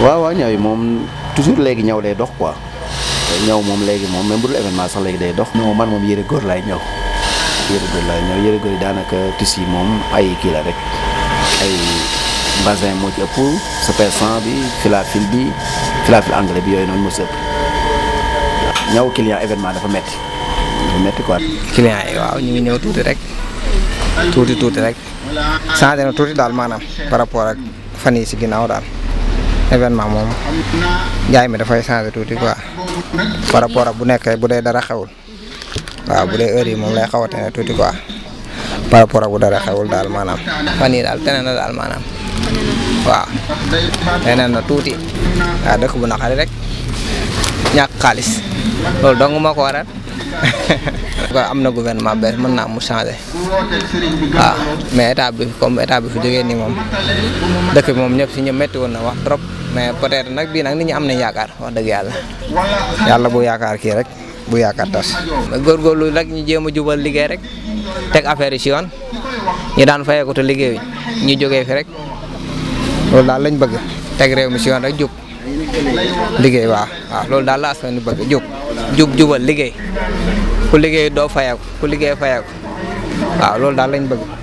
waaw waaw ñaw yi moom toujours léegi ñëw day dox quoi ñëw moom léegi moom même bu dul événement sax léegi day dox. non man moom yëre góor laay ñëw yëre góor laay ñaw yi daanaka tissu moom ay kii la rek ay basin moo ci ëpp super 100 bi filafil bi filafil anglais bi yooyu noonu moo ci ëpp ñaw client événement dafa metti dafa metti quoi. client yi waaw ñu ngi ñëw tuuti rek tuuti tuuti rek changé na tuuti daal maanaam par rapport ak fan yi si ginnaaw daal. événement moom njaay mi dafay changer tuuti quoi par rapport ak bu nekkee bu dee dara xewul waaw bu dee heure yi moom lay xaw a tuuti quoi par rapport ak bu dara xewul daal maanaam fan yii daal tene na daal maanaam waaw tene na tuuti waaw dëkk bu naqari rek ñàkk xaalis loolu dong moo ko am na gouvernement bees mën naa mu changé waaw ah, mais état bi comme fi jógee nii moom dëkk moom ñëpp si ñëpp métti woon na wax trop mais peut nag bii nag ni ñu am nañ yaakaar wax dëgg yàlla yàlla bu yaakaar kii rek bu yaakaar tas góorgóorlu rek ñu jéem a jubal liggéey rek teg affaire yi si yoon ñu daan fayeeku te liggéey ñu jógee fi rek loolu daal lañ bëgg teg réew mi si yoon rek waaw loolu daal la askan ni bëgg jub jub jubal liggéey ku liggéey doo fayeeku ku liggéey fayeeku waaw loolu daal leen bëgg.